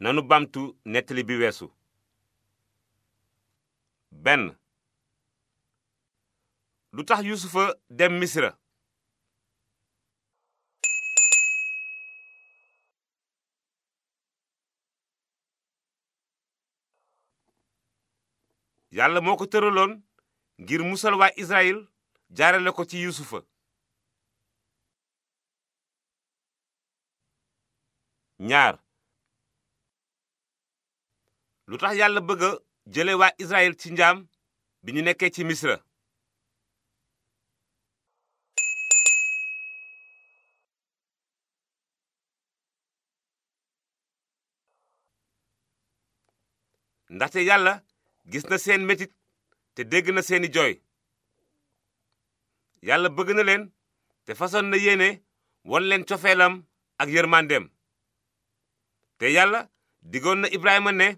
nanu bamtu nettali bi weesu benn lu tax yusufa dem misra yàlla moo ko tëraloon ngir musal waa israyil jaarale ko ci yusufa ñaar lu tax yàlla bëgg jële waa Israël ci njaam bi ñu nekkee ci Misra ndaxte yàlla gis na seen metit te dégg na seeni jooy yàlla bëgg na leen te façon na yéene won leen cofeelam ak yërmandeem te yàlla digoon na Ibrahima ne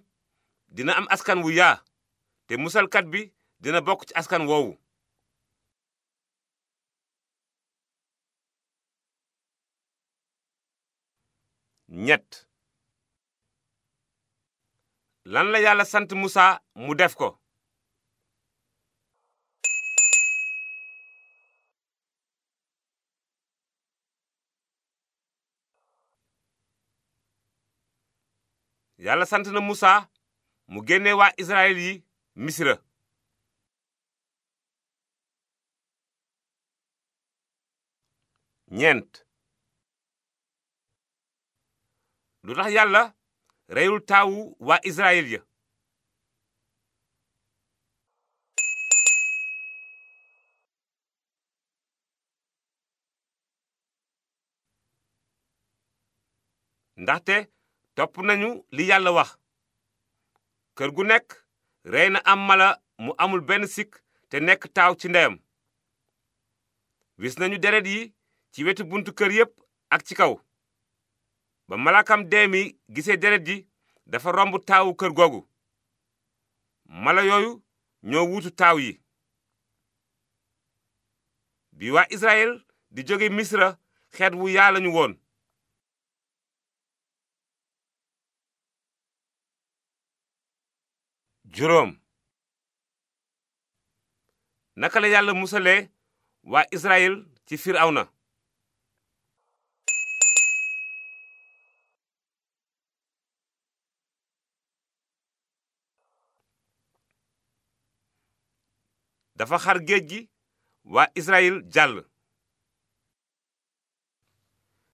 dina am askan wu yaa te musalkat bi dina bokk ci askan woowu ñett lan la yàlla sant Musa mu def ko yàlla sant na Musa mu génne waa israel yi misra ñeent lu tax yàlla reyul taawu waa israel ya ndaxte topp nañu li yàlla wax kër gu nekk rey na am mala mu amul benn sikk te nekk taaw ci ndeyam wis nañu deret yi ci wetu buntu kër yépp ak ci kaw ba malakam dee mi gisee deret ji dafa romb taawu kër googu mala yooyu ñoo wuutu taaw yi bi waa Israël di jóge misra xeet wu yaa lañu woon juróom naka la yàlla musalee waa Israël ci Firawna dafa xar géej gi waa Israël jàll